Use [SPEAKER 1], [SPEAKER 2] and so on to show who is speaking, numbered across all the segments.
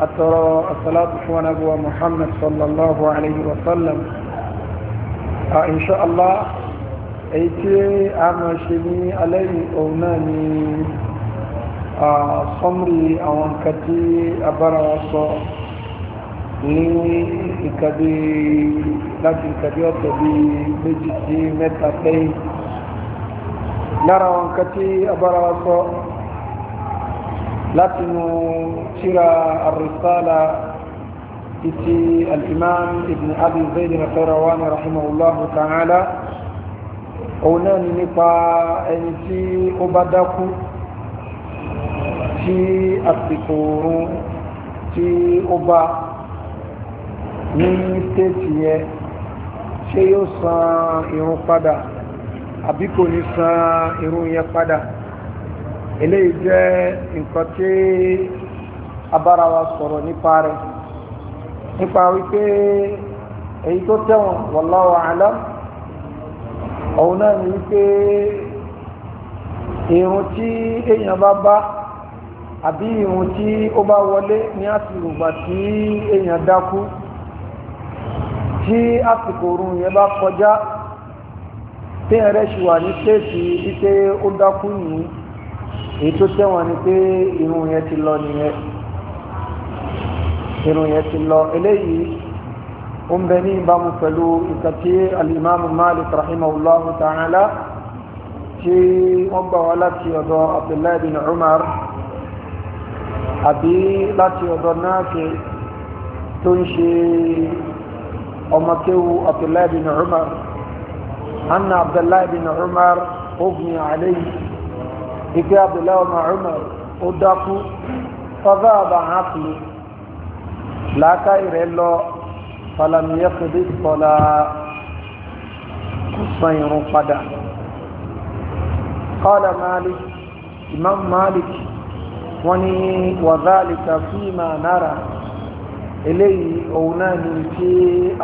[SPEAKER 1] أترى الصلاة ونبوة محمد صلى الله عليه وسلم إن شاء الله أيتي أما شمي علي أوناني صمري أو أنكتي أبرا وصو ní ìkàbí láti ìkàbí ọ̀tọ̀ bí méjì sí mẹ́ta sẹ́yìn lára wọn kàtí abára wa sọ látinú tíra àrùsálà títí al'imam ibn abi zayd al-qayrawani rahimahullahu ta'ala òun náà ni nípa ẹni tí ó bá dákú tí àsìkò oorun tí ó bá ní stéètì yẹn ṣé yóò san irun padà àbí ní san irun yẹn padà eléyìí jẹ́ nǹkan tí abára wa sọ̀rọ̀ nípa rẹ̀ nípa wípé èyí tó tẹ̀wọ̀n wallahu alam òun náà ni wípé irun tí èèyàn bá bá àbí irun tí ó bá wọlé ní àsìkò ìgbà tí èèyàn dákú tí àsìkò oorun yẹn bá kọjá téèyàn rẹ̀ ṣì wà ní stéètì wípé èyí tó tẹ̀wọ̀n ni pé irun yẹn ti lọ nìyẹn irun yẹn ti lọ eléyìí ó ń bẹ ní ìbámu pẹ̀lú nǹkan tí alimami malik rahimahullahu ta'ala tí wọ́n gbà wá láti ọ̀dọ̀ abdullahi bin umar àbí láti ọ̀dọ̀ náà ṣe tó ń ṣe ọmọkéwu abdullahi bin umar anna abdullahi bin umar ó àléyìí ìpé abdullahi ọmọ ọmọ ó dákú ọba àbá hàpùlù làákà ìrẹ lọ falamiyẹkùdí sọlá kò san irun padà qala malik imam malik wọ́n ní wàzálìkà fíìmà nára eléyìí òun náà ní tí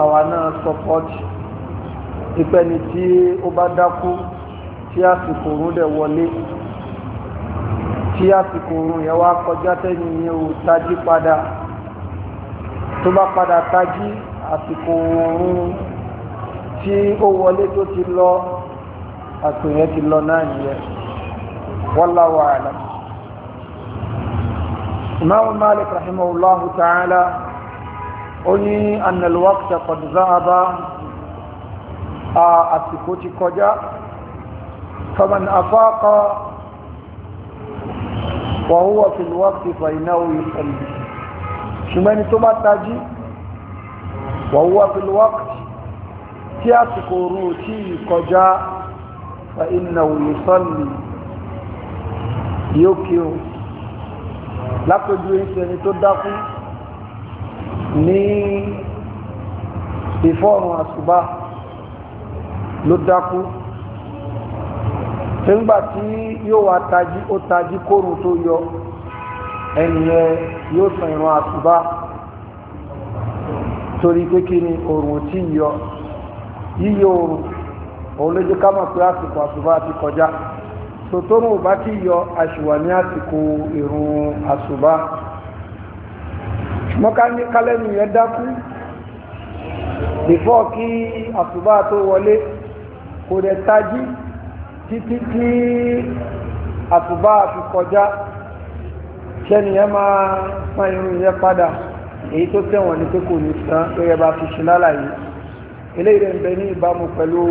[SPEAKER 1] àwa náà sọpọ́tì ìpẹ́ni tí ó bá dákú tí àsìkò òun dẹ̀ wọlé tí àsìkò oorun yẹn wá kọjá tẹ́ni yẹn ò tají padà tó bá padà tají àsìkò oorun tí ó wọlé tó ti lọ àsìkò yẹn ti lọ náà nìyẹn wallahu a'lam. Imam Malik rahimahullahu ta'ala ó ní anna al àsìkò ti kọjá faman afaqa. وهو في الوقت فإنه يصلي ṣùgbọ́n ẹni tó bá tají وهو في الوقت tí àsìkò òru tí kọjá فإنه يصلي yóò kí o lápẹjú ẹsẹ ẹni tó dákú ní ìfọ́rùn àsùbá ló tẹ́gbà tí yóò wá tají ó tají kóòrùn tó yọ ẹnìyẹn yóò sàn ìrun àsùbá torí pé kí ni oòrùn tí yọ yíyọ oòrùn òun ló jẹ́ ká mọ̀ pé àsìkò àsùbá ti kọjá sòtórùn bá ti yọ àṣùwà ní àsìkò ìrun àsùbá mọ́ká ní kálẹ́nu yẹn dákú bífọ́ kí àsùbá tó wọlé kò dẹ̀ tají títí tí àsùbá fi kọjá ṣẹ́niyàn máa pán irun yẹn padà èyí tó tẹ̀wọ̀n ní pé kò ní san gẹ́gẹ́ bá fi ṣe lálàyé eléyìí rẹ̀ ń bẹ ní ìbámu pẹ̀lú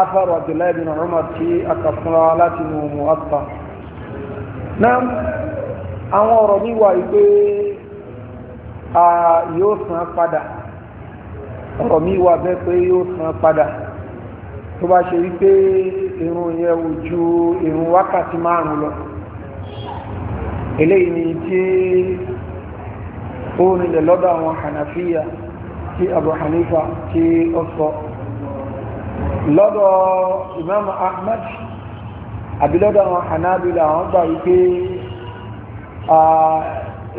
[SPEAKER 1] afárò Abdullahi bin Umar tí a kà fúnra láti nu mu afa náà àwọn ọ̀rọ̀ mi wà wípé yóò san padà ọ̀rọ̀ mi wà bẹ́ẹ̀ pé yóò san padà tó bá ṣe wípé irun yẹn ò ju irun wákàtí márùn lọ eléyìí ni tí ó nílẹ̀ lọ́dọ̀ àwọn hanafiya tí abu hanifa tí ó sọ lọ́dọ̀ imam ahmad àbí lọ́dọ̀ àwọn hanabila àwọn gbà wípé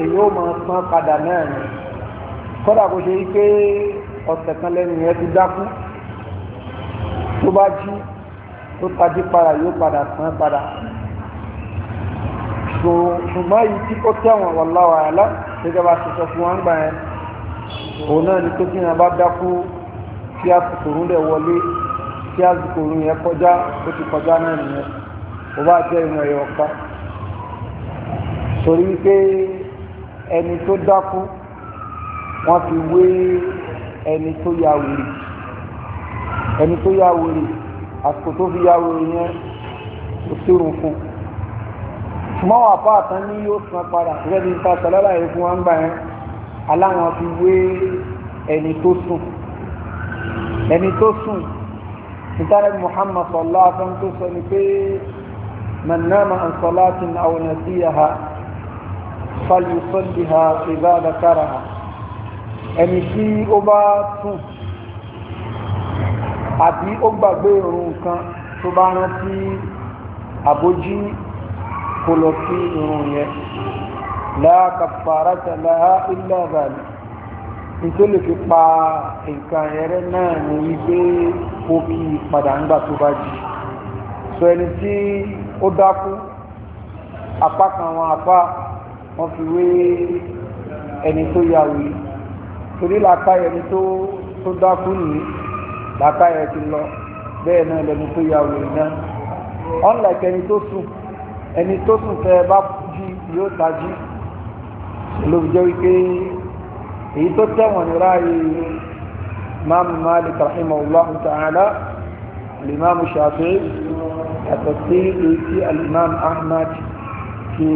[SPEAKER 1] èyí ó máa san padà náà ni kódà kó ṣe wípé ọ̀sẹ̀ kan lẹ́nu yẹn ti dákú tó bá jí tó tají padà yóò padà san padà ṣùgbọ́n yìí tí ó tẹ̀wọ̀n wallahu a'lam gẹ́gẹ́ bá ṣe sọ fún wa ń gbà yẹn òun náà ni tó kíyàn bá dákú tí àsìkò òun rẹ̀ wọlé tí àsìkò òun yẹn kọjá ó ti kọjá náà nìyẹn ó bá jẹ́ ìrìn ẹ̀yọ̀ ọ̀ka torí pé ẹni tó dákú wọ́n fi wé ẹni tó ya wèrè ẹni tó yá wèrè àsìkò tó fi yá wèrè yẹn kò sírun fún ṣùgbọ́n wà fún àtàn ní yóò san padà gẹ́gẹ́ bí nípa sọlọ́lá yìí fún wọn gbà yẹn aláwọn fi wé ẹni tó sùn ẹni tó sùn nítorí Muhammad sọlá fún tó sọ ni pé mẹnàmà ànsọláàtì àwọn ẹ̀sí yàrá fàlùsọ̀lì ha ìbá àdàkárà ẹni tí ó bá sùn. àbí ó gbàgbé irun kan tó bá rántí àbójí kò lọ sí irun yẹn láàkàfàràtà láà ilẹ̀ àbàlì nítorí fi pa nǹkan ẹrẹ náà ní wípé ó kí padà ńgbà tó bá jí sọ ẹni tí ó dákú apá kan wọn apá wọn fi wé ẹni tó yàwé torí làákàyè ẹni tó dákú nìyí. bàbá yẹn ti lọ bẹ́ẹ̀ náà lẹnu tó ya wòye náà unlike ẹni tó sùn ẹni tó sùn tẹ ẹ bá jí yóò tají olùjẹ́ wípé èyí tó tẹ̀wọ̀n ní ráàyè imam malik rahimahullah ta'ala alimami shafi'i yàtọ̀ sí èyí alimami ahmad ti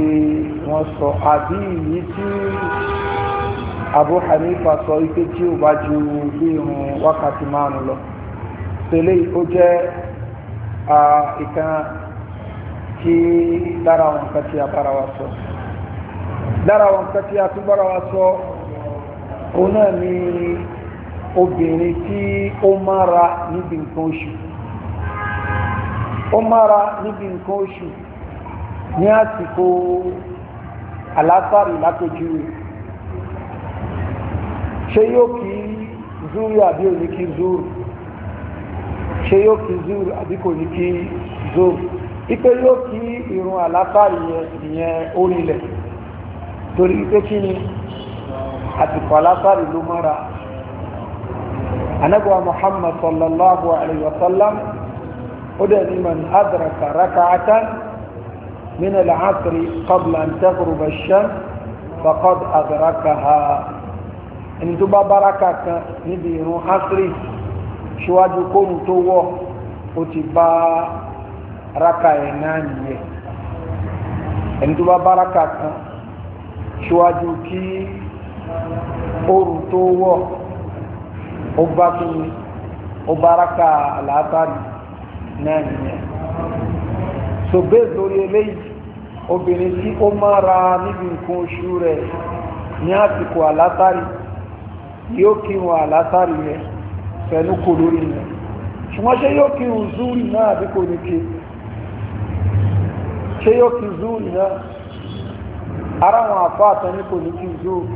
[SPEAKER 1] wọ́n sọ àbí èyí tí. Abu Hanifa sọ ike tí ó bá ju bí irun wákàtí márùn lọ tẹ́lẹ̀ ó jẹ́ ìkan tí lára àwọn nǹkan tí a bára wa sọ lára àwọn nǹkan tí a tún bára wa sọ òun náà ni obìnrin tí ó mára níbi nǹkan oṣù ó mára níbi nǹkan oṣù ní àsìkò àlásàrì látòjú rẹ̀ ṣe yóò kí zúrù àbí òní kí zúrù ṣe yóò kí zúrù àbí kò ní kí zúrù ipe yóò kí irun àlátàrí ìyẹn orílẹ̀ torí pé kí ni àtìkọ̀ àlátàrí ló mọ́ra anagba muhammad sallallahu alayhi wa sallam ó dẹ̀ ní man adraka raka'atan min al-asri qabla an taghruba ash-shams faqad adrakaha ẹni tó bá báraka kan níbi ìrun asiri ṣíwájú kóòrùn tó wọ̀ ó ti bá raka ẹ̀ náà nìyẹn ẹni tó bá báraka kan ṣíwájú kí oòrùn tó wọ ó bá tó ó bá raka àlàáfàá náà nìyẹn so bẹ́ẹ̀ lórí eléyìí obìnrin tí ó máa ra níbi nǹkan oṣù rẹ̀ ní àsìkò àlátàrí yóò kírun àlátàrí yẹn pẹ̀lú kò lórí yẹn ṣùgbọ́n ṣé yóò kírun zúrì náà àbí kò ní kí ṣé yóò kí zúrì náà ara wọn àfọ àtàn kò ní kí zúrì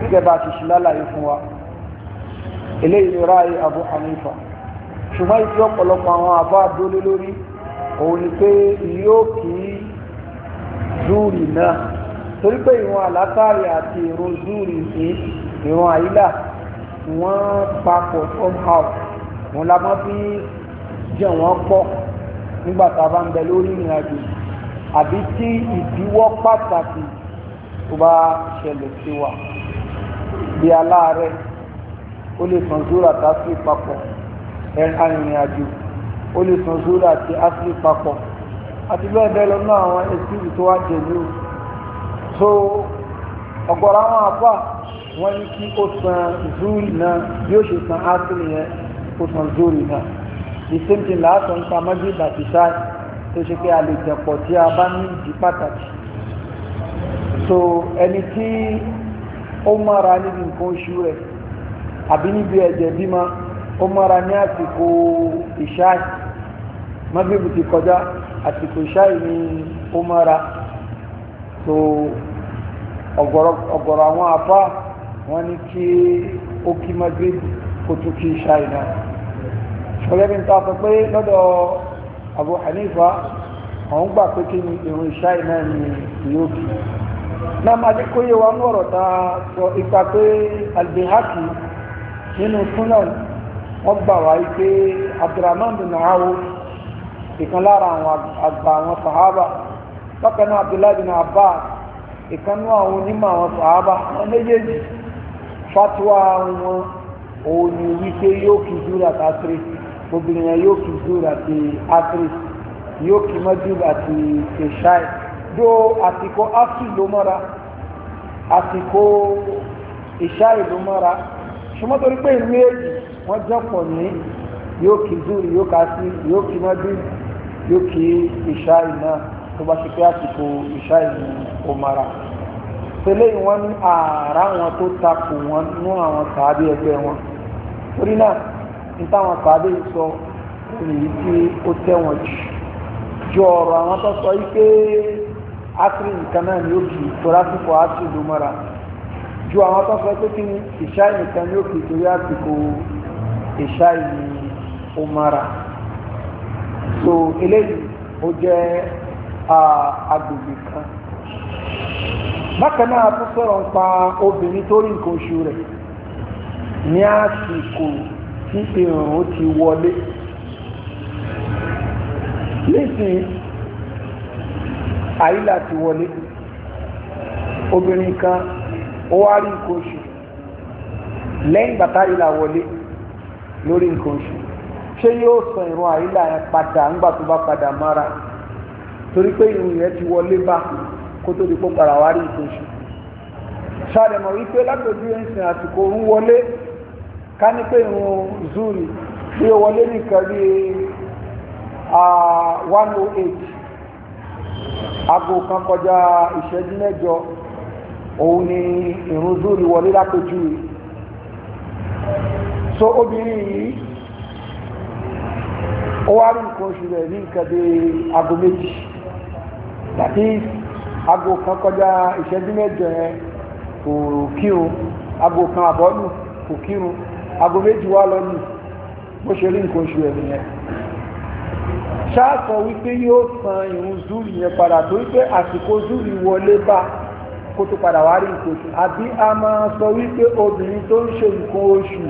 [SPEAKER 1] gẹ́gẹ́ bá ti ṣe lálàyé fún wa eléyìí ni ráàyè Abu Hanifa ṣùgbọ́n ìfi ọ̀pọ̀lọpọ̀ àwọn àbá dólé lórí òun ni pé yóò kí zúrì náà torí pé ìwọn àlátàrí àti ìrun zúrì sí ìrun àyílà wọ́n papọ̀ somehow wọn la mọ́ bí jẹ́ wọ́n pọ̀ nígbà tá a bá ń bẹ lórí ìrìn àjò àbí tí ìdíwọ́ pàtàkì tó bá ṣẹlẹ̀ sí wa bí aláàárẹ̀ ó lè san zúrà tá a sì papọ̀ ẹ̀ka ìrìn àjò ó lè san zúrà tí a sì papọ̀ àti bẹ́ẹ̀ bẹ́ẹ̀ lọ́nà àwọn èsì tó wá jẹ̀ lóru so ọ̀gọ̀rọ̀ àwọn àfà wọ́n ní kí ó san zuri náà bí ó ṣe san asiri yẹn ó san zuri náà the same thing láàtọ̀ ń pa mọ́jú ìbàtìṣá tó ṣe pé a lè jẹ̀pọ̀ tí a bá ní ìdí pàtàkì so ẹni tí ó mọ́ra níbi nǹkan oṣù rẹ̀ àbí níbi ẹ̀jẹ̀ bímọ ó mọ́ra ní àsìkò ìṣáì mọ́gbẹ́bù ti kọjá àsìkò ìṣáì ni so ọ̀gọ̀rọ̀ àwọn apá wọ́n ní kí ó kí madrid kó tó kí ṣáìnà ṣọlẹ́bí ta sọ pé lọ́dọ̀ Abu Hanifa àwọn gbà pé kí ni ìrun ṣáìnà ni yóò náà máa jẹ́ kó yé wa ń wọ̀rọ̀ ta sọ ipa pé albihaki nínú súnà wọ́n gbà wá pé Abdurrahman bin awo ìkan lára àwọn àgbà àwọn sahaba bákan náà Abdullahi bin Abbas ìkanú àwọn onímọ̀ àwọn sàábà wọn méjèèjì fatuwa wọn òun ni wípé yóò kí zuru àti asiri obìnrin yẹn yóò kí zuru àti asiri yóò kí mọ́júlù àti ìṣáì dó àsìkò asiri ló mọ́ra àsìkò ìṣáì ló mọ́ra ṣùgbọ́n torí pé ìlú èjì wọ́n jọpọ̀ ní yóò kí zuru yóò kí asiri yóò kí mọ́júlù yóò kí ìṣáì náà tó bá ṣe pé àsìkò ìṣáì náà. umara tẹ́lẹ̀ wọn ní ara wọn tó takò wọn nú àwọn tàbí ẹgbẹ́ wọn torí náà ní táwọn tàbí sọ èyí tí ó jù ju ọ̀rọ̀ àwọn tó sọ yìí pé asiri nìkan náà ni ó kì asiri ló ju àwọn tó sọ pé kí ni ìṣá nìkan ni ó kì í torí so eléyìí ó jẹ agbègbè kan. bákan náà tó sọ̀rọ̀ ń pa obìnrin tó rí nǹkan oṣù rẹ̀ ní àsìkò tí ìrùn ti wọlé nísìn àyílà ti wọlé obìnrin kan ó wá rí nǹkan oṣù lẹ́yìn bàtà àyílà wọlé lórí nǹkan oṣù ṣé yóò sọ ìrùn àyílà yẹn padà ńgbà tó bá padà mára torí pé ìrùn yẹn ti wọlé ba. kó tó di kó padà wá rí ìtòṣù ṣàdẹ̀mọ̀ wípé látòjú ẹ̀sìn àsìkò ń wọlé ká ní pé ìrun zuri tí ó wọlé nìkan bí one oh eight aago kan kọjá ìṣẹ́jú mẹ́jọ òun ni ìrun zuri wọlé látòjú rẹ̀ so obìnrin yìí ó wá rí nǹkan oṣù rẹ̀ ní nǹkan bí aago méjì that is aago kan kọjá ìṣẹ́jú mẹ́jọ yẹn kò kírun aago kan àbọ́lù kò kírun aago méjì wá lọ nù bó ṣe rí nǹkan oṣù ẹ̀mí yẹn ṣáàsọ wípé yóò san ìrun zúrì yẹn padà torí pé àsìkò zúrì wọlé bá kó tó padà wá rí nǹkan oṣù àbí a máa sọ wípé obìnrin tó ń ṣe nǹkan oṣù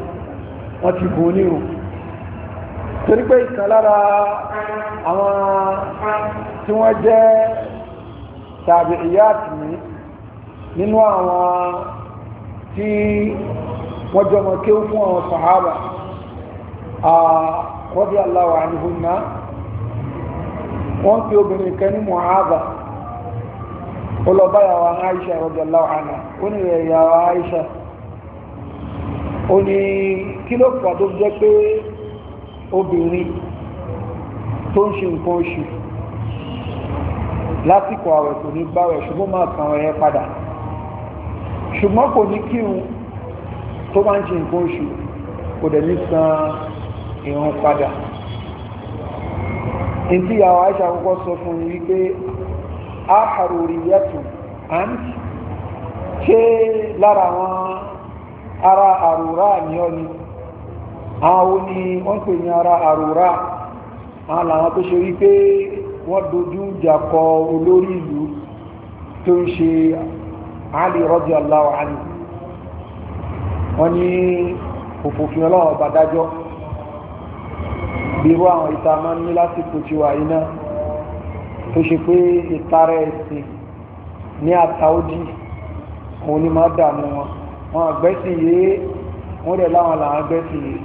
[SPEAKER 1] wọn ti gùn nírun torí pé ìkan lára àwọn tí wọ́n jẹ́ tabi'iyat ni nínú àwọn tí wọ́n jọ mọ̀ kéwú fún àwọn sàhábà radiyallahu anhunna wọ́n fi obìnrin kan ní Mu'adha olọ́báyàwó Aisha radiyallahu anha ó ní rẹ̀ ìyàwó Aisha ó ní kí ló fà jẹ́ pé obìnrin tó ń ṣe nǹkan oṣù lásìkò àwẹ̀ kò ní bá rẹ̀ ṣùgbọ́n máa tàn rẹ̀ padà ṣùgbọ́n kò ní kírun tó máa ń ṣe nǹkan oṣù kò dẹ̀ ní san ìrun padà ní tí àwọn àṣà àkọ́kọ́ sọ fún mi wípé áhàrò rí yẹtù àǹtí ṣé lára àwọn ara àrùrá ní ọ́ni àwọn wo ni wọ́n pè ní ara àrùrá àwọn làwọn tó ṣe wípé wọ́n dojú ìjà kọ olórí ìlú tó ń ṣe Ali radiyallahu anhu wọ́n ní òfòfin ọlọ́wọ́ bá dájọ́ bí irú àwọn ìta máa ń ní lásìkò tí wà iná tó ṣe pé ìtara ẹ̀sìn ní àtàódì òun ni máa dààmú wọn wọn àgbẹ́sì yìí wọ́n dẹ̀ láwọn làwọn àgbẹ́sì yìí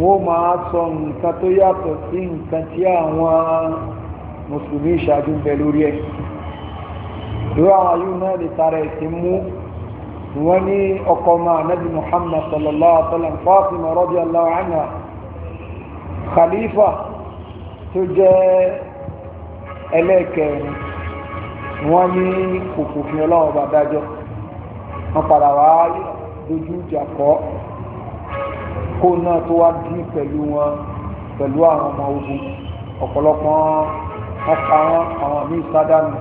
[SPEAKER 1] wọ́n máa sọ nǹkan tó yàtọ̀ sí nǹkan tí àwọn mùsùlùmí ìṣáájú ń bẹ lórí ẹ̀ irú àwọn ayú náà lè tara ẹ̀sìn mú wọ́n ní ọkọ ọmọ anabi muhammad sallallahu alaihi wa sallam fatima radiyallahu anha khalifa tó jẹ́ ẹlẹ́ẹ̀kẹrin wọ́n ní kòkò fi ọlọ́wọ́ bá dájọ́ wọ́n padà wá dojú ìjà kó náà tó wá dín pẹ̀lú wọn pẹ̀lú àwọn ọmọ ogun ọ̀pọ̀lọpọ̀ apá wọn àwọn míì sádánù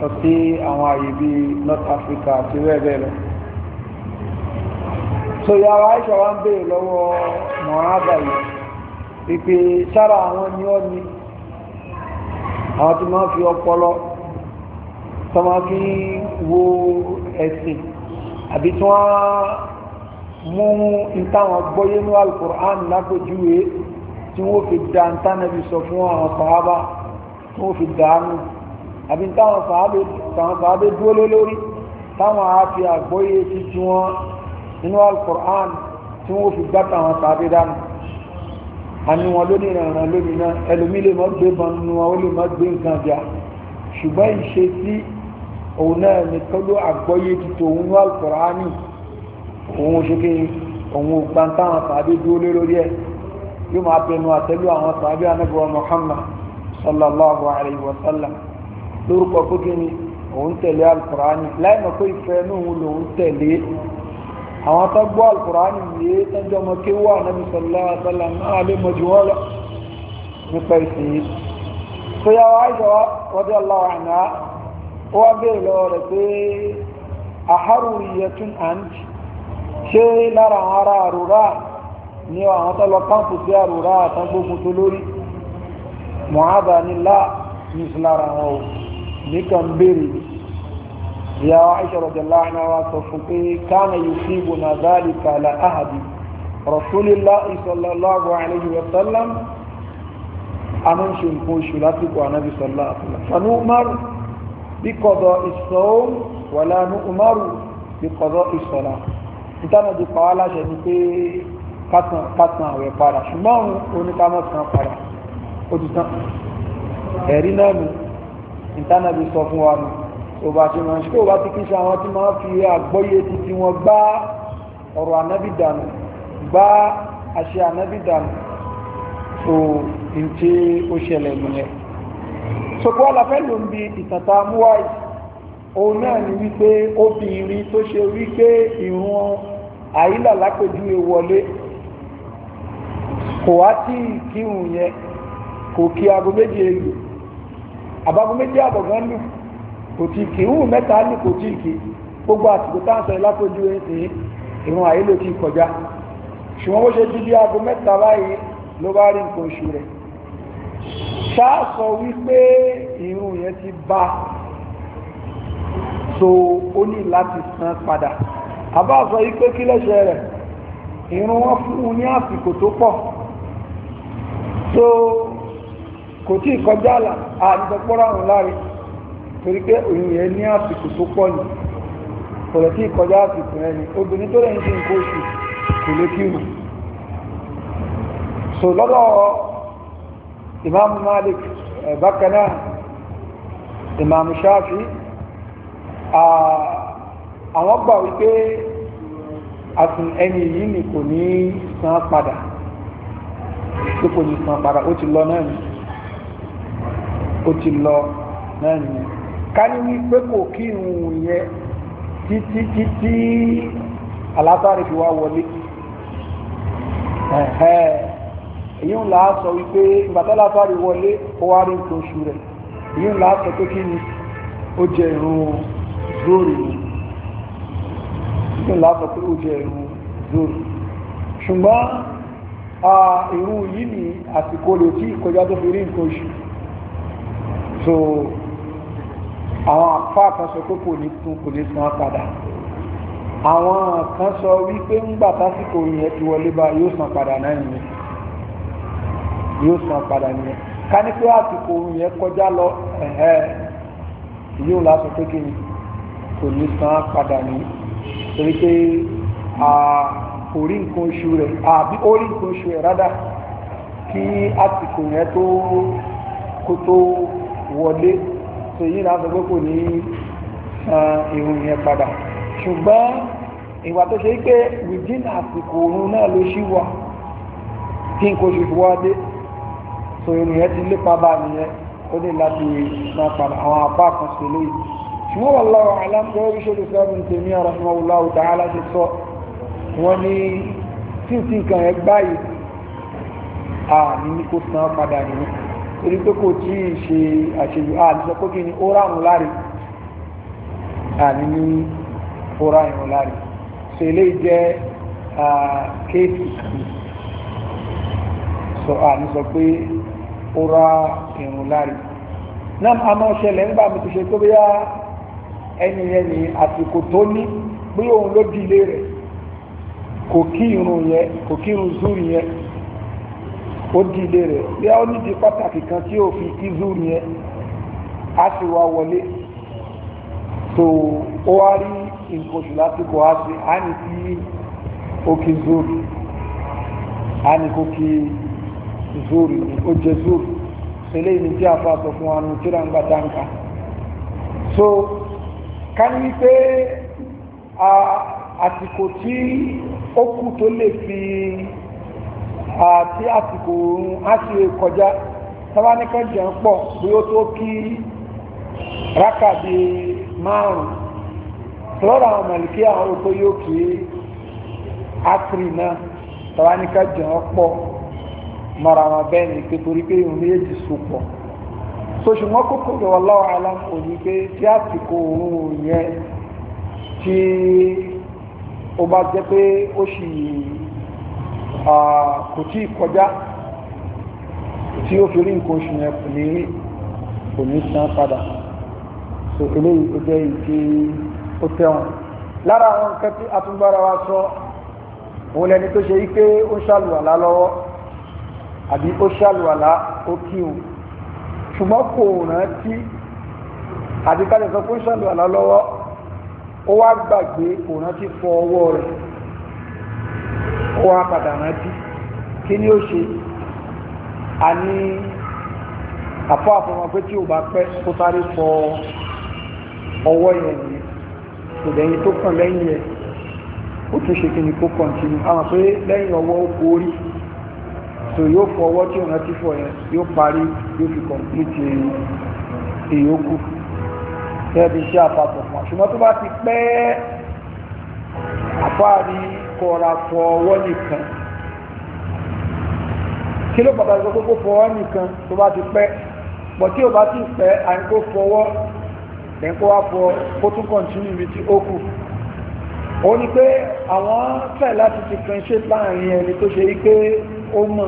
[SPEAKER 1] lọ sí àwọn àyè bíi North Africa àti bẹ́ẹ̀ bẹ́ẹ̀ lọ. so yàrá Aisha wa ń béèrè lọ́wọ́ Mu'adha yìí pípé sára àwọn ni ó ní àwọn tí máa fi ọpọlọ tó máa fi wo ẹ̀sìn àbí tí wọ́n mú ìtàwọn gbọ́yé ní al lápòjúwe tí wọ́n fi da sọ fún àwọn sàhábà wọn fi dàánù àbí táwọn sàábé dúró lórí táwọn àáfi àgbóyé ti tí wọn nínú alukur'an tí wọn fi gbá táwọn sàábé dànù àní wọn lónìí ìrànràn lónìí náà ẹlòmí lè má gbé ban nu wọn ó lè má gbé nǹkan bíà ṣùgbọ́n ìṣe sí òun náà nìkan ló àgbóyé ti tó òun nínú alukur'an òun òṣèké òun ògbà táwọn sàábé dúró lórí ẹ yóò máa bẹnu àtẹlú àwọn sàábé anábọ̀ Muhammad sallallahu alayhi wa sallam lórúkọ kókè ni òun tẹ̀lé alukurani láì mọ̀ pé ìfẹ́ inú òun lòun tẹ̀lé àwọn tó gbọ́ alukurani yìí tọ́jọ́ mọ́ kí wà nàbí sallallahu alayhi wa sallam náà lè mọ̀ jù wọ́n lọ nípa ìsìn yìí. sọ́yà wa Aisha radiyallahu anha ó wá béèrè lọ́wọ́ rẹ̀ pé àhárù yẹtún àǹtí ṣé lára àwọn ará àrùrá ni àwọn tó lọ káàpù sí àrùrá àtàgbógun tó lórí mọ̀hábà ní láà ní ìsìlára wọn ò ní kan béèrè ìyá wa aisha radiyallahu anha wa sọ fún pé kana yusibuna dhalika ala ahadi rasulillahi sallallahu alayhi wa sallam a máa ń ṣe nǹkan oṣù lásìkò ànábì sallallahu alayhi wa sallam fanu umaru bí kọ̀dọ̀ ìsọ̀ọ́ wàlá nu umaru bí kọ̀dọ̀ ìsọ̀lá ìtànà ti pa wá láṣẹ ni pé kásán àwẹ̀ padà ṣùgbọ́n òun oníkàmọ́sán padà ó ti tán ẹ̀rí náà nù ìtànàbí sọ fún wa nù tó bá ti máa ń ṣe kó bá ti kí ṣe àwọn tí máa fi àgbọ́yé títí wọn gbá ọ̀rọ̀ ànábì dànù gbá àṣẹ ànábì dànù tó n tí ó ṣẹlẹ̀ nìyẹn sọpọ́ aláfẹ́ ló ń bi ìtàtà amúwáì òun náà ni wípé obìnrin tó ṣe wípé ìrun àyílà lápèjúwe wọlé kò wá tí kírun yẹn kò kí aago méjì èlò àbágo méjì àbọ̀ gan lù kò tí kì í hù mẹ́ta lù kò tí kì í gbogbo àsìkò tá à ń sọ lápòjú ẹ̀sìn ìrún àyè ló ti kọjá ṣùgbọ́n bó ṣe ti di aago mẹ́ta báyìí ló bá rí nǹkan oṣù rẹ̀ ṣáà sọ wípé ìrún yẹn ti bá so ó ní láti san padà àbá sọ wípé kí lẹ́sẹ̀ rẹ̀ ìrún wọn fún un ní àsìkò tó pọ̀ so kò tí ì kọjá àlà àdìsọpọ́rọ̀ àrùn torí pé òyìn ní àsìkò tó pọ̀ ní lè tí ì kọjá àsìkò rẹ̀ ni obìnrin tó lẹ́yìn ń kó oṣù kò lè kí so Imam Malik Shafi àwọn ti lọ náà ó ti lọ náà nìyẹn ká ní wípé kò kí ìrùn yẹn títí títí alátàrí fi wá wọlé èyí ń là á sọ wípé ìgbàtà alátàrí wọlé ó wá rí nǹkan oṣù rẹ̀ èyí ń là á sọ pé kí ni ó jẹ ìrùn zóòrì èyí ń là á pé ó jẹ ìrùn zóòrì ṣùgbọ́n ìrùn yìí ni àsìkò lè tí ìkọjá tó fi rí nǹkan oṣù so àwọn àfa kan sọ pé kò ní tún kò ní san padà àwọn kan sọ wípé ńgbà tásìkò yẹn ti wọlé bá yóò san padà náà nìyẹn yóò san padà nìyẹn ká ní pé àsìkò yẹn kọjá lọ yóò lásán pé kí ni kò ní san padà ní torí pé orí nǹkan oṣù rẹ̀ àbí orí nǹkan oṣù rẹ̀ rádà kí àsìkò yẹn tó kó tó wọlé tó yí láti pé kò ní san irun yẹn padà ṣùgbọ́n ìwà tó ṣe pé within àsìkò oorun náà ló ṣì wà kí n kò ṣe fi wá dé tó irun yẹn ti lépa bá nìyẹn ó ní láti máa padà àwọn apá kan sí lóyìí ṣùgbọ́n wà lọ́wọ́ aláǹgbọ́ oríṣẹ́ olùsọ́ọ̀bù tèmi ọ̀rọ̀ fún ọlọ́wọ́ tààlà ti sọ wọ́n ní tí nǹkan ẹ̀ gbáyìí à ní kó san padà nìyẹn torí pé kò tí ì ṣe àṣeyù àdìsọ pé kí ni ó ráhùn láre àní ní ó ráhùn láre so eléyìí jẹ́ kéèsì kan sọ àdìsọ pé ó láre náà a máa ṣẹlẹ̀ ńgbà mi ti ṣe tó bí yá ẹni yẹn ní àsìkò tó ní pé òun ló di ilé rẹ̀ kò kí irun yẹn kò kí irun zúrì yẹn ó di ilé rẹ̀ bí a ó nídi pàtàkì kan tí ó fi kízú yẹn á sì wá wọlé tó ó wá rí nǹkan oṣù lásìkò á sì á ní kí ó kí zóòrì á ní kó kí zóòrì ni ó jẹ zóòrì eléyìí ni tí a fa sọ fún wa tí ráńgbà dáńkà so ká ní wípé àsìkò tí ó kù tó lè fi àti àsìkò oorun á ṣe kọjá sábàáníkà jẹun pọ̀ bí ó tó kí rákàdé márùn lọ́rọ̀ àwọn mọ̀lìkí àwọn yóò kí átìrì náà sábàáníkà jẹun pọ̀ mọ̀ra wọn bẹ́ẹ̀ ni pé torí pé so pọ̀ so ṣùgbọ́n kókó lọ́wọ́ láwọn aláǹkó ni pé tí àsìkò oorun yẹn tí ó bá jẹ́ pé ó kò tí ì kọjá tí ó fi rí nǹkan oṣù yẹn kò ní kò ní san padà so eléyìí ó jẹ́ ìdí ó tẹ̀wọ̀n lára àwọn nǹkan tí atúbára wa sọ òun lẹni tó ṣe yí pé ó ń ṣàlùwàlá lọ́wọ́ àbí ó ṣàlùwàlá ó kírun ṣùgbọ́n kò rántí àbí ká lè sọ pé ó ṣàlùwàlá lọ́wọ́ ó wá gbàgbé kò rántí fọ ọwọ́ rẹ̀ ó wá padà rántí kí ni ó ṣe a ní àfọ́ àfọmọ́ pé tí ò bá pẹ́ kó sáré fọ ọwọ́ yẹn ni kò lẹ́yìn tó kàn lẹ́yìn ẹ̀ ó tún ṣe kí ni kó kọ̀ǹtínú àwọn pé lẹ́yìn ọwọ́ ó kó orí so yóò fọ ọwọ́ tí ọ̀nà ti fọ yẹn yóò parí yóò fi kọ̀m̀plìtì ìyókù tẹ́ẹ̀bí iṣẹ́ àpapọ̀ fún àṣùmọ́ tó bá ti pẹ́ àpáàrí kọ́ra fọ ọwọ́ nìkan kí ló pàtàkì sọ pé kó fọ ọwọ́ nìkan tó bá ti pẹ́ pọ̀ tí O bá ti pẹ́ à ń kó fọwọ́ ẹ̀ ń kó wá fọ kó tún kọ̀ǹtínú ibi tí ó kù ó ní pé àwọn fẹ́ láti ti kan ṣe láàrin ẹni tó ṣe wípé ó mọ̀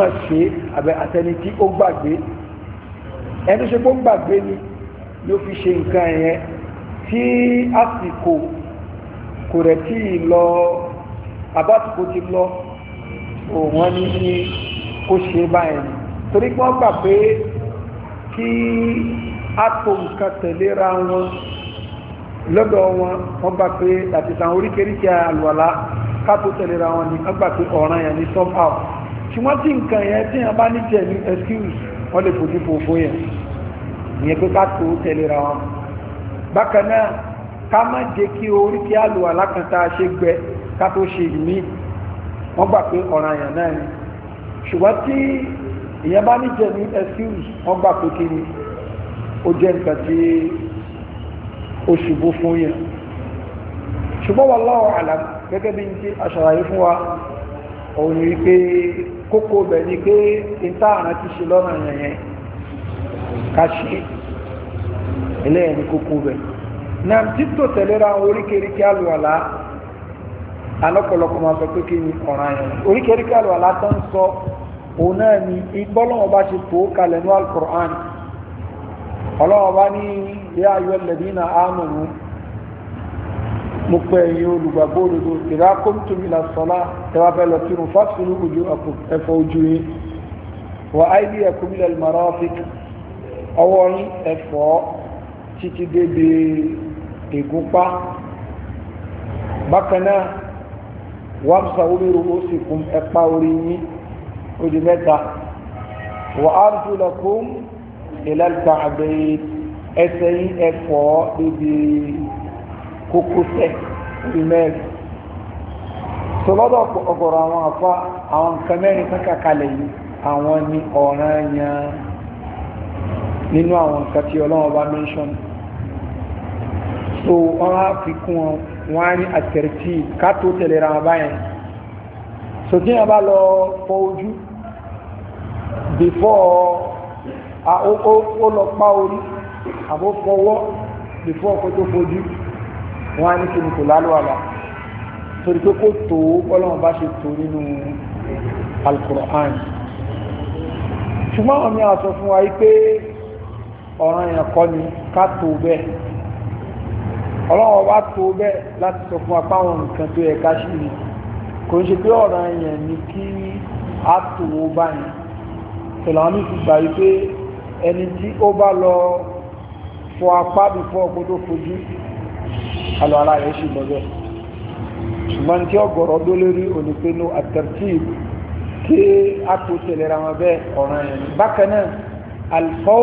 [SPEAKER 1] ọ́n ṣe àbẹ̀ àtẹni tí ó gbàgbé ẹni tó ṣe pé ó gbàgbé ni ló fi ṣe nǹkan yẹn tí àsìkò kò rẹ̀ tí ì lọ abátùkù ti lọ òun ní kó ṣe báyìí torí pé wọ́n gbà pé kí á tó nǹkan tẹ̀léra wọn lọ́dọ̀ wọn wọ́n gbà pé àti sàn oríkèríkè àlùwàlá ká tó tẹ̀léra wọn ni wọ́n gbà pé ọ̀ràn yẹn ní somehow tí wọ́n tí nǹkan yẹn tí wọ́n bá ní jẹ̀ ní excuse wọ́n lè fojú fòfó yẹn ìyẹn pé ká tó tẹ̀léra wọn bákan náà ká má jẹ́ kí orí kí á lò alákàntà ṣe gbẹ ká tó ṣe ìmí wọ́n gbà pé ọ̀ràn àyàn náà ni ṣùgbọ́n tí ìyẹn bá ní jẹ́ ní excuse wọ́n gbà pé kí ni ó jẹ́ nǹkan tí ó ṣubú fún yẹn ṣùgbọ́n wallahu alam gẹ́gẹ́ bí n ti aṣàlàyé fún wa òun ni wípé kókó bẹ̀ ni pé ìta àrùn ti ṣe lọ́nà yẹn ká ṣe eléyẹn ni kókó bẹ̀ náà títò tẹ̀léra oríkèéríkè àlùwàlá alọ́pọ̀lọpọ̀ máa sọ pé kí ni ọ̀ràn yẹn oríkèéríkè àlùwàlá tó ń sọ òun náà ni ìgbọ́lọ́wọ́ bá ṣe tó kalẹ̀ ní alukur'an ọlọ́wọ́ bá ní yá ayọ́ lẹ́dínà ámùnú mo pẹ́ ẹ̀yin olùgbàgbọ́ òdodo ìrà kóńtùmílà sọlá ẹ̀wà bẹ́ẹ̀ lọ kírun fásitì ojú ẹ̀fọ́ ojú yín wà áìdí ẹ̀kúmílẹ̀ marafiq ọwọ́ yín ẹ̀fọ́ títí débi ìgúnpá bákan náà wàmsà orí ru'usikum ẹ̀pá orí yín ó di mẹ́ta wa arjulakum ila al-ka'bayn ẹsẹ̀ yín ẹ̀fọ́ níbi kókósẹ̀ orí mẹ́rin tọ́lọ́dọ̀ ọ̀gọ̀rọ̀ àwọn afá àwọn nǹkan mẹ́rin kankankalẹ̀ yìí àwọn ni ọ̀ranyàn nínú àwọn nǹkan tí ọlọ́wọ́ bá mẹ́ṣọ́nù so wọn á fi kún ọ wọn á ní àtẹ̀rẹ̀tì ká tó tẹ̀lé ra wọn báyẹn so tí wọn bá lọ fọ ojú before ó lọ pa orí àbó fọwọ́ before kó tó fojú wọn á ní kí ni kò lálọ́ àlá torí pé kó tó ọlọ́run bá ṣe tó nínú alukur'an ṣùgbọ́n àwọn mi àsọ fún wa yìí pé ọ̀ràn yẹn kọ́ ni ká bẹ́ẹ̀ ọlọ́wọ́ wá tó bẹ́ẹ̀ láti sọ fún apáwọn nǹkan tó yẹ ká ṣì ní kò ń ṣe pé ọ̀rọ̀ èèyàn ní kí á tò ó báyìí tẹ̀lámì ti gbà yí pé ẹni tí ó bá lọ fọ apá bí fọ ọkọ tó fojú alọ́ ara rẹ̀ ṣì lọ ṣùgbọ́n tí ọgọ̀rọ̀ dó lórí òní pé kí á tó tẹ̀lera wọn bẹ́ẹ̀ ọ̀rọ̀ èèyàn ní bákan náà alfọ́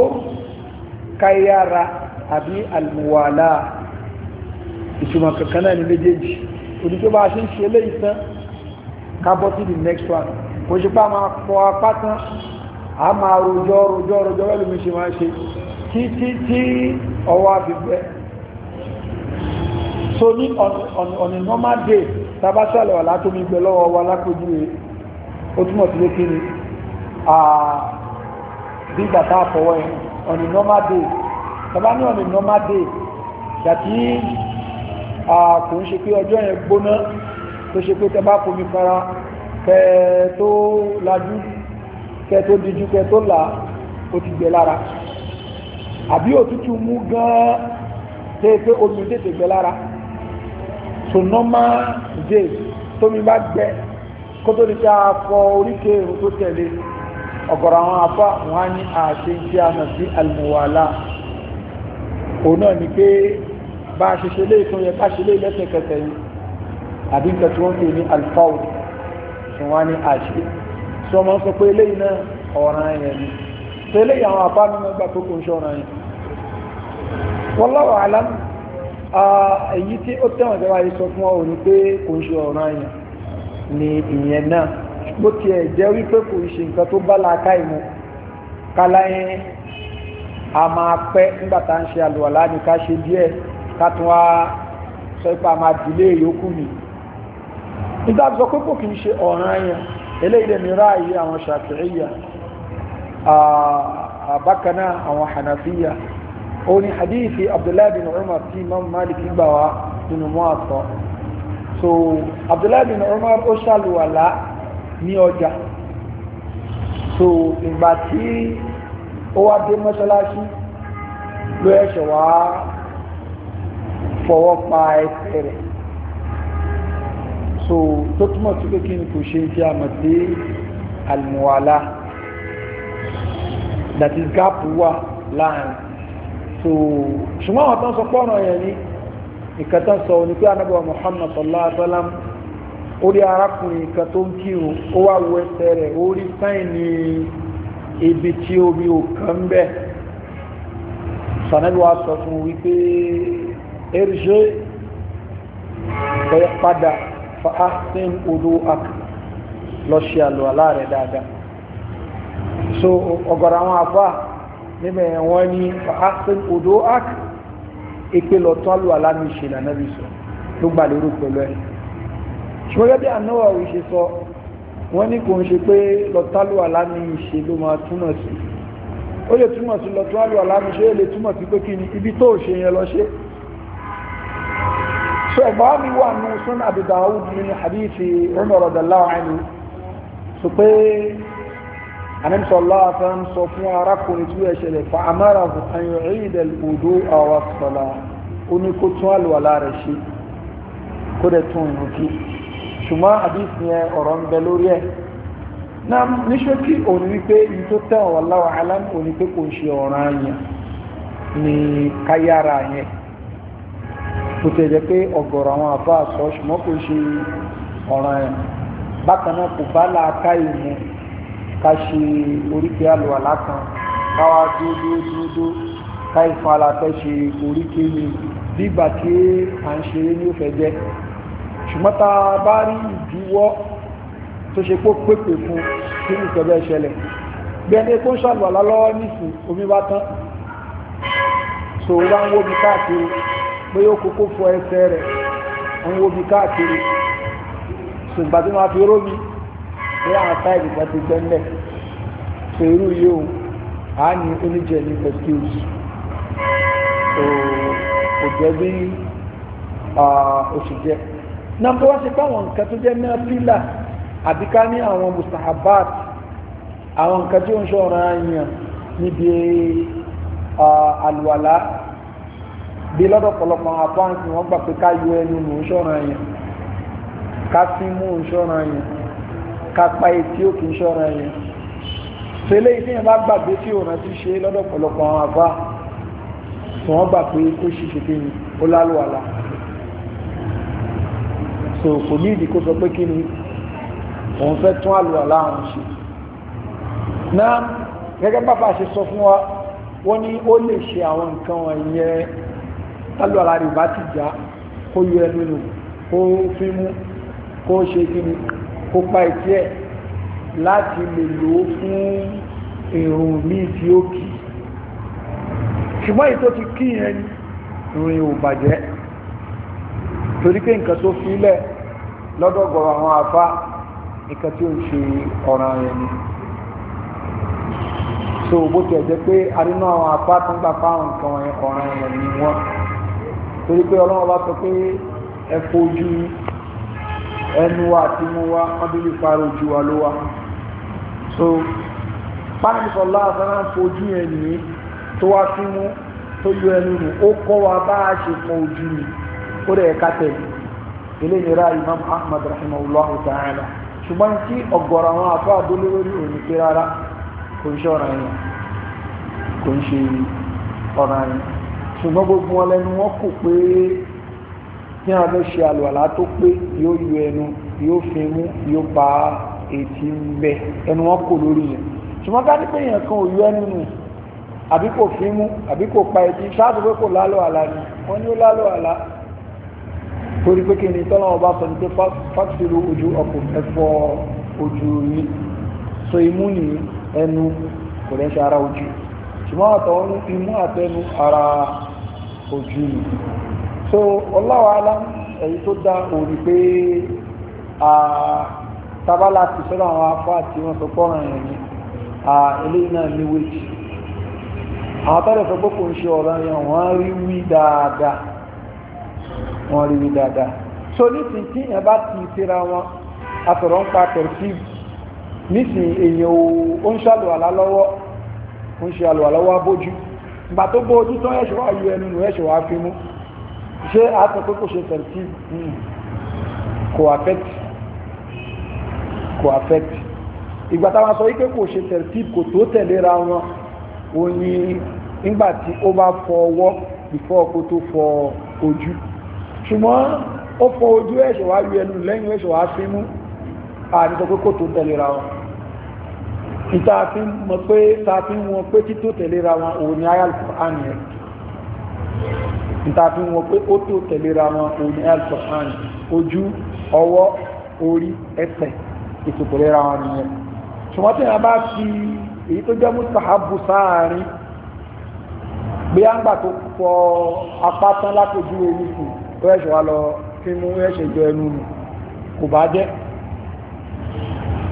[SPEAKER 1] káyára àbí almuwala ìtumọ̀ kankan náà ní méjèèjì òní tó bá a ṣe ń ṣe léyìí tán ká bọ́ sí the next one kò ṣe pa máa pọ apá tán a máa rojọ́ rojọ́ rojọ́ bẹ́ẹ̀ lómi ṣe máa ṣe títí tí ọwọ́ àfihàn so ní on a normal day tabasálẹ̀ wà látó mi gbẹ lọ́wọ́ wa lápójú rẹ̀ ó túmọ̀ sí lékè ni bí gbàtà àfọwọ́ yẹn on a normal day tabani on a normal day that is kò ń ṣe pé ọjọ́ yẹn gbóná tó ṣe pé tẹ́bá fomi fara kẹ tó lajú kẹ tó dijú kẹ tó là ó ti gbẹ lára àbí òtútù mú gan tẹ́ pé omi tètè gbẹ lára so normal day tómi bá gbẹ kótó ní pé a fọ oríkè èrò tó tẹ̀lé ọ̀gọ̀rọ̀ àwọn afá wọn á ní àṣẹ tí a mọ̀ sí almuwala òun náà ni pé bá a ṣe ṣe lé ìtún yẹ ká ṣe lé lẹ́sẹ̀kẹsẹ̀ yìí àbí nǹkan tí wọ́n pè ní alfaud ṣùgbọ́n wá ní àṣẹ tí wọ́n máa ń sọ pé eléyìí náà ọ̀ràn yẹn ni tí eléyìí àwọn àbá mi máa gbà pé kò ń ṣọ̀ràn yẹn wallahu alam èyí tí ó tẹ̀wọ̀n tẹ́wà yìí sọ fún ọ pé kò ń ṣe ọ̀ràn yẹn ni ìyẹn náà bó tiẹ̀ jẹ́ wípé kò ń ṣe nǹkan tó bá làákà ìmọ̀ a máa pẹ́ nígbà tá à ń ṣe àlùwàlá ní ká ṣe díẹ̀ kátún wá sọ pé a máa dìlé yòókù mi nígbà tó sọ pé kò kì í ṣe ọ̀ràn yẹn eléyìí lè mìíràn ààyè àwọn ṣàfihìyà àbákaná àwọn hànàfíyà ó ní hadithi abdullahi umar tí imam malik gbà wá nínú mọ́ àtọ́ so abdullahi umar ó ṣàlùwàlá ní ọjà so ìgbà tí ó wá dé mọ́ṣáláṣí ló ẹ̀ṣẹ̀ wá fọwọ́ pa ẹsẹ̀ rẹ̀ so tó túmọ̀ sí pé kí ni kò ṣe tí a mọ̀ that is gap wà láàrin so ṣùgbọ́n àwọn tó ń sọ pọ́nà yẹn ni ìkàtà sọ ní pé anábọ̀ Muhammad sallallahu alaihi wa sallam orí arákùnrin kan tó ń kírun ó wá wo ẹsẹ̀ rẹ̀ orí sáìn ní ibi tí omi ò kàn bẹ́ẹ̀ sanabi wa sọ fún wípé erje padà fa ahsin odo ak lọ ṣe àlọ́ aláàrẹ̀ dáadáa so ọ̀gọ̀rọ̀ àwọn afá níbẹ̀ wọ́n ní fa ahsin odo ak ìpè lọ́tọ́ àlọ́ aláàmì ìṣẹ̀lẹ̀ anábì sọ ló gbà lérò pẹ̀lú ẹ̀ ṣùgbọ́n gẹ́gẹ́ bí An-Nawawi ṣe sọ wọ́n ní kò ń ṣe pé lọ́tọ́ àlọ́ aláàmì ìṣẹ̀lẹ̀ ló máa túnà sí ó lè túmọ̀ sí lọ́tọ́ àlọ́ aláàmì ìṣẹ̀lẹ̀ lè túmọ̀ sí pé kí ni ibi tó ṣe yẹn lọ ṣe é ṣẹ̀gbọ́n mi wà ní sun Abi Dawud nínú hadithi Umar radallahu anhu sọ pé anamsọ lọ́wọ́ sọ fún arákùnrin tí ó ṣẹlẹ̀ fa amára an yu'ida al-wudu'a wa as-sala ó ní kó tún àlùwàlá rẹ̀ ṣe kó dẹ̀ tún ìrun kí ṣùgbọ́n hadithi yẹn ọ̀rọ̀ yẹn tó tẹ̀ jẹ́ pé ọ̀gọ̀rọ̀ àwọn àbá àsọ ṣùgbọ́n kò ṣe ọ̀ràn ẹ̀ bákan náà kò bá láàká ìmú ká ṣe oríkèé àlùwàlá kan káwá dúró dúró dúró ká ìfún aláfẹ́ ṣe oríkèé mi bí ìgbà tí à ń ṣeré ní òfẹ́ jẹ́ ṣùgbọ́n tá a bá rí ìdíwọ́ tó ṣe pé pépè fún kí ní ìtọ́jú ẹ̀ṣẹ̀lẹ̀ bí ẹni kó ń ṣàlùwàlá lọ́wọ́ nísìn omi bá tán so wá ń wó káàkiri pé ó kókó fọ ẹsẹ̀ rẹ̀ ń wo bí káàkiri ṣùgbọ́n tí wọ́n fi rómi pé àwọn táìlì kan ti gbẹ́ńlẹ̀ pé irú yìí o a ní oníjẹ ní excuse kò jẹ́ bí oṣù jẹ́ náà tó wá ṣe pé àwọn nǹkan tó jẹ́ náà pílà àbí ká ní àwọn mustahabat àwọn nǹkan tí ó ń ṣọ̀ràn yàn níbi àlùwàlá bí lọ́dọ̀ pọ̀lọpọ̀ àpáǹsì wọ́n gbà pé ká yọ ẹnu mò ń ṣọ́ra yẹn ká fi mú ń ṣọ́ra yẹn ká pa etí ó kì í ṣọ́ra yẹn tẹ́lẹ̀ ìdí yẹn bá gbàgbé tí òun ti ṣe lọ́dọ̀ pọ̀lọpọ̀ àwọn àbá tí wọ́n gbà pé kó ṣe ṣe kí ni ó lálù àlà so kò ní ìdí kó sọ pé kí ni òun fẹ́ tún àlù àlà àwọn ṣe náà gẹ́gẹ́ bàbá ṣe sọ fún wa wọ́n ní ó lè ṣe àwọn nǹkan wọ̀nyẹn tálù ara rẹ̀ bá ti já kó yọ ẹnu nù kó fi mú kó ṣe kíni kó pa ìtí ẹ̀ láti lè lò ó fún ìrùn míì tí ó kì ṣùgbọ́n èyí tó ti kí yẹn rìn ò bàjẹ́ torí pé nǹkan tó filẹ̀ lọ́dọ̀gọ̀rọ̀ àwọn afá nǹkan tí ó ń ṣe ọ̀ràn rẹ̀ ni so bó tiẹ̀ jẹ́ pé arínú àwọn apá tó ń gbà fáwọn nǹkan ọ̀ràn rẹ̀ ni wọ́n. torí pé ọlọ́wọ́ bá sọ pé ẹ fojú ẹnu wa àti mú wa wọ́n bí ojú wa ló so báyìí láàbára ń fojú ẹni tó wá sí mú tó yọ ẹnu nù ó kọ́ wa bá a ṣe fọ ojú mi ó rẹ̀ ra Imam Ahmad rahimahullahu ta'ala ṣùgbọ́n tí ọ̀gọ̀rọ̀ àwọn afọ òní pé rárá kò ń ṣe ọ̀ràn yẹn kò ń ṣe ọ̀ràn ṣùgbọ́n gbogbo wọn lẹ́nu wọn kò pé tí wọn fẹ́ ṣe àlùwàlá tó pé yóò yọ ẹnu yóò fi mú yóò bá ètí ń bẹ ẹnu wọn kò lórí yẹn ṣùgbọ́n ká ní pé èèyàn kan ò yọ ẹnu nù àbí kò fi mú àbí kò pa ètí ṣáàtú pé kò lálọ́ àlá ni wọ́n ní ó lálọ́ àlá torí pé kí ni tọ́lọ́wọ́ bá sọ ní pé fásitì ojú ọkọ̀ ẹ̀fọ́ ojú yìí so imú ni ẹnu kò lẹ́ṣẹ̀ ara ojú ṣùgbọ́n àtọ̀ imú àtẹnu ara ojú ni so wallahu alam èyí tó dá òní pé tábàlà ti sọ́dọ̀ àwọn afọ àti wọn sọ pọ́nrán yẹn ni eléyìí náà ní wéjì àwọn tọ́lẹ̀ sọ pé kò ń ṣe ọ̀rọ̀ yẹn wọ́n rí wí dáadáa wọ́n rí wí dáadáa so nísìnyí tí èèyàn bá ti síra wọn àtọ̀rọ̀ ń pa tẹ̀síìbù nísìnyí èèyàn ò ń ṣàlùwàlá lọ́wọ́ ń ṣe àlùwàlá lọ́wọ́ abójú ìgbà tó bó ojú tán ẹ̀ṣọ́ ayú ẹnu nù ẹ̀ṣọ́ wá fi mú ṣé a sọ pé kò ṣe tẹ̀lẹ̀tì hmm. kò affect kò affect ìgbà táwọn sọ wípé kò ṣe tẹ̀lẹ̀tì kò tó tẹ̀léra wọn ò ní nígbà tí ó bá fọ ọwọ́ ìfọ́ ọkọ tó fọ ojú ṣùgbọ́n ó fọ ojú ẹ̀ṣọ́ wá yú ẹnu lẹ́yìn ẹ̀ṣọ́ wá fi mú àti pé kò tó tẹ̀léra wọn ìta fi mọ̀ pé ta fi wọn pé títò tẹ̀léra wọn òun ni ayal Qur'an yẹn ìta fi wọn pé ó tó tẹ̀léra wọn òun ni ayal Qur'an ojú ọwọ́ orí ẹsẹ̀ ètò tẹ̀léra wọn nìyẹn ṣùgbọ́n tí a bá fi èyí tó jẹ́ mustahabu sáàárín bí a ń gbà tó fọ apá tán lápòjú orí fún ó ẹ̀ṣẹ̀ wa lọ fi mú ẹ̀ṣẹ̀ jọ ẹnu nù kò bá jẹ́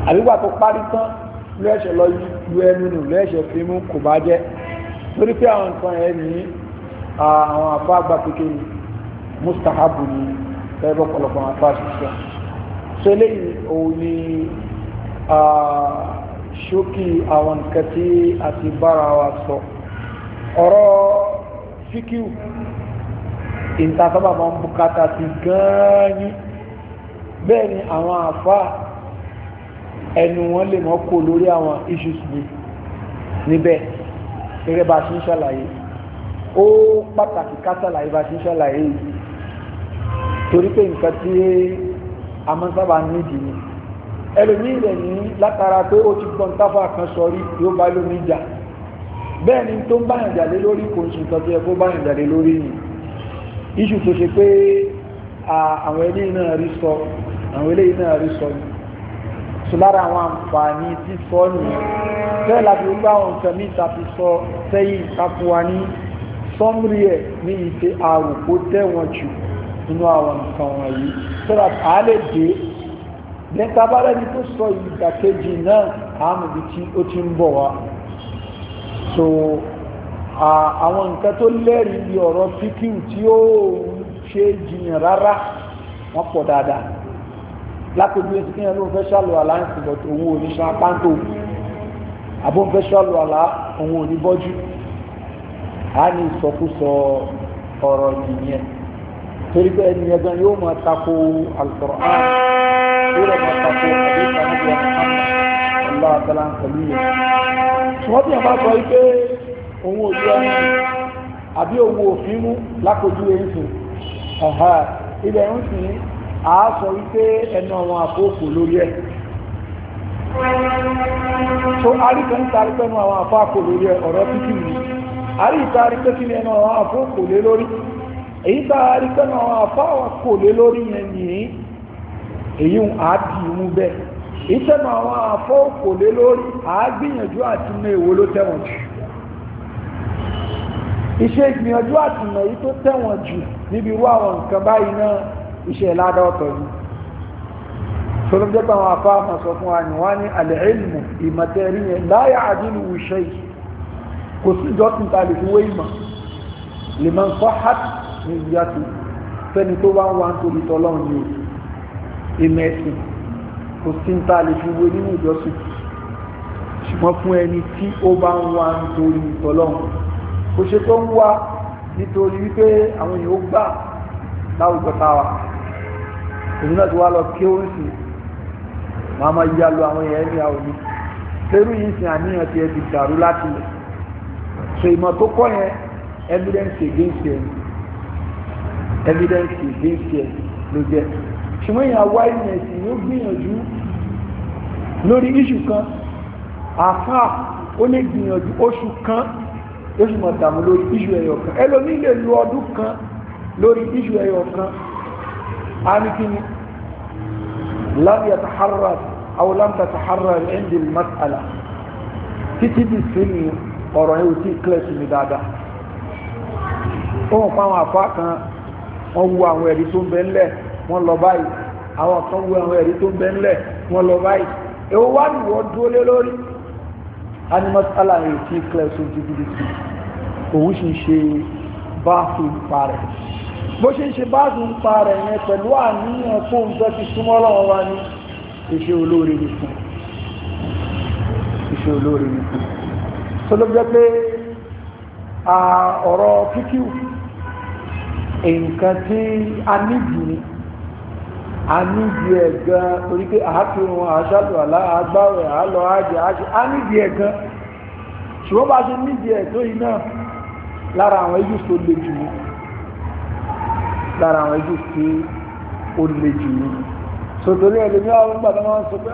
[SPEAKER 1] àbígbà tó parí tán lẹ́ẹ̀ṣẹ̀ lọ lu ẹnu nù lẹ́ẹ̀ṣẹ̀ fi mú kò bá jẹ́ torí pé àwọn nǹkan ẹ̀ ní àwọn àfa àgbà kékeré mustahabu ni ẹgbẹ́ ọ̀pọ̀lọpọ̀ àfa ṣiṣẹ́ so eléyìí òun ni ṣókí àwọn nǹkan tí a ti bára wa sọ ọ̀rọ̀ fíkíù ìntàsábà máa ń bùkátà ti gan-an ní bẹ́ẹ̀ ni àwọn àfa ẹnu wọn lè mọ́ kó lórí àwọn issues mi níbẹ̀ gẹ́gẹ́ bá a ti ń ṣàlàyé ó pàtàkì ká ṣàlàyé bá a ti ń ṣàlàyé yìí torí pé nǹkan tí a máa ń sábà nídìí ni ẹlòmíì rẹ̀ ní látara pé ó ti gbọ́n táfà kan sọrí yóò bá lómi jà bẹ́ẹ̀ ni tó ń bá ìjà lé lórí kò sí nǹkan tó kó bá ìjà lé lórí ni iṣu tó ṣe pé àwọn eléyìí náà rí sọ àwọn eléyìí náà rí sọ ni tó lára àwọn àǹfààní tí sọ nìyẹn bẹ́ẹ̀ láti gbogbo àwọn nǹkan ní ìtàfi sọ sẹ́yìn takuwa ní sọ́mùrì ẹ̀ ní ìṣe àròkó tẹ̀wọ̀n jù nínú àwọn nǹkan wọ̀nyí so that a lè dé nípa bára ní tó sọ ìdàkejì náà àmì tí ó ti ń bọ̀ wá so àwọn nǹkan tó lẹ́rìí ọ̀rọ̀ píkìú tí ó ṣe jìyàn rárá wọ́n pọ̀ dáadáa lápẹ̀bí ẹ̀sìn kí ẹ̀ ló ń fẹ́ ṣàlù àlá ń sìn bọ̀tò òun ò ní ṣan apáńtò àbó ń fẹ́ ṣàlù àlá òun ò ní bọ́jú á ní ìsọkúsọ ọ̀rọ̀ nìyẹn torí pé ẹni ẹgbẹ́ yóò máa tako Al-Qur'an yóò rẹ̀ máa tako àdéhùn àdéhùn ọ̀lá àtàlà pẹ̀lú yẹn ṣùgbọ́n bí wọ́n bá sọ wípé òun ò jẹ́ ẹni àbí òun ò fi mú lápẹ̀bí ẹ̀sìn ilẹ̀ a sọ wípé ẹnu àwọn àkókò lórí ẹ so àríkà ń tarí pẹ́nu àwọn àkókò lórí ẹ̀ ọ̀rọ̀ títí mi àríkà rí kí ni ẹnu àwọn lé lórí èyí a rí pẹ́nu àwọn àkókò lé lórí yẹn nìyí èyí ń àádì mú bẹ́ẹ̀ ìtẹ́nu àwọn lé lórí àti èwo ló jù iṣẹ́ ìgbìyànjú àti èyí tó jù níbi iṣẹ́ ládá ọ̀tọ̀ ni tolójẹ́pá wọn afá ma sọ fún wa ni wọ́n ní alẹ́ẹ̀lìmù ìmọ̀tẹ́rí yẹn láyà àdínú iṣẹ́ yìí kò sí ìjọsìn ta lè fi wé ìmọ̀ lè máa ń kọ́ hát ní ìyàtọ̀ fẹ́ni tó bá ń wá nítorí tọ́lọ́run ni ìmọ̀ ẹ̀sìn kò sí ta lè fi wé nínú èmi náà ti wá lọ kí ó ń sìn máa máa yá lu àwọn èèyàn ní àwọn lérú yìí sìn àníyàn tiẹ̀ ti dàrú láti lẹ̀ so ìmọ̀ tó kọ́ yẹn evidence against ẹ̀ evidence against ẹ̀ ló jẹ́ ṣùgbọ́n ìyá wá ìyẹn sì ló gbìyànjú lórí iṣu kan àfa ó lè gbìyànjú oṣù kan oṣù mọ̀tàmú lórí iṣu ẹ̀yọ̀ kan ẹlòmí lè lu ọdún kan lórí iṣu ẹ̀yọ̀ kan anikin lam yataharrar aw lam tataharrar indi mas'ala títí di sini ọ̀rọ̀ yẹn ò tí clear sí mi dáadáa wọn fáwọn àfa kan wọn wu àwọn ẹ̀rí tó ń bẹ ńlẹ̀ wọn lọ báyìí àwọn kan wu àwọn ẹ̀rí tó ń bẹ ńlẹ̀ wọn lọ báyìí èwo wá nìwọ dúró lé lórí ani mas'ala yẹn ò tí clear sí mi títí di sini òun sì ń ṣe báàfù parẹ́ bó ṣe ń ṣe báàdù ń pa rẹ̀ yẹn pẹ̀lú àníyàn kó ń fẹ́ ti súnmọ́ lọ́wọ́ wa ní iṣẹ́ olóore ní fún iṣẹ́ olóore ní fún tó ló jẹ́ pé ọ̀rọ̀ píkíù nǹkan tí a níjì ni a níjì ẹ̀ gan torí pé àákìrún àṣàlù àlá agbáwẹ̀ àálọ àjẹ a níjì ẹ̀ gan ṣùgbọ́n bá ṣe níjì ẹ̀ tó yìí náà lára àwọn ẹjú tó le jù ní lára àwọn ibi tí ó le jù ní sòtòlé ẹlòmí ọ̀rọ̀ nígbà tó máa ń sọ pé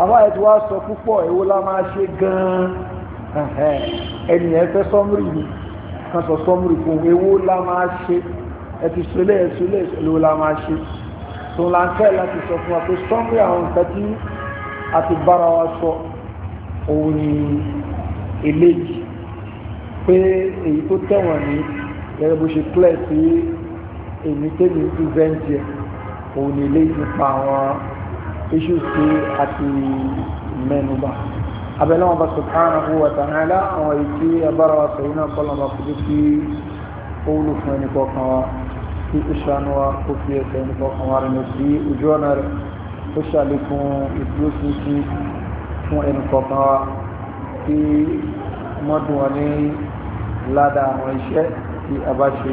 [SPEAKER 1] àwọn àyẹ̀tí wa sọ púpọ̀ èwo la máa ṣe gan-an ẹnìyẹn fẹ́ sọ́mùrì ni kan sọ sọ́mùrì fún èwo lá máa ṣe ẹtì sọlẹ̀ ẹ̀sọlẹ̀ èwo la máa ṣe tó la ń fẹ́ láti sọ fún wa pé sọ́mùrì àwọn nǹkan tí a ti bára wa sọ òun ni eléyìí pé èyí tó tẹ̀wọ̀n ní gẹ́gẹ́ bó ṣe clear sí èyí tẹ́lẹ̀ prevent yẹ òun ni lè nípa àwọn issues tí a ti mẹ́nubà bá subhanahu wa ta'ala àwọn èyí tí abára wa sọ̀rọ̀ náà kọ́ lọ́mọ kúrò sí òwúlò fún ẹnì kọ̀ọ̀kan wa kí ó ṣàánú wa kó fi ẹsẹ̀ ẹnì kọ̀ọ̀kan wa rìn sí ojú ọ̀nà rẹ̀ ó ṣàlékún ìdúró sí fún ẹnì kọ̀ọ̀kan wa kí mọ́dún wa ní ládàá àwọn iṣẹ́ tí a bá ṣe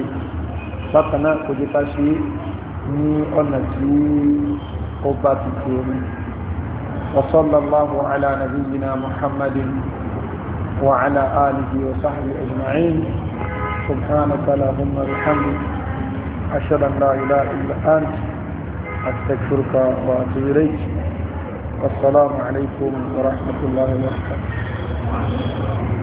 [SPEAKER 1] bákan náà kò jẹ́ ká ṣe ní ọ̀nà tí ó bá ti tẹ̀lé وصلى الله على نبينا محمد وعلى آله وصحبه أجمعين سبحانك اللهم وبحمدك أشهد أن لا إله إلا أنت أستغفرك وأتوب إليك والسلام عليكم ورحمة الله وبركاته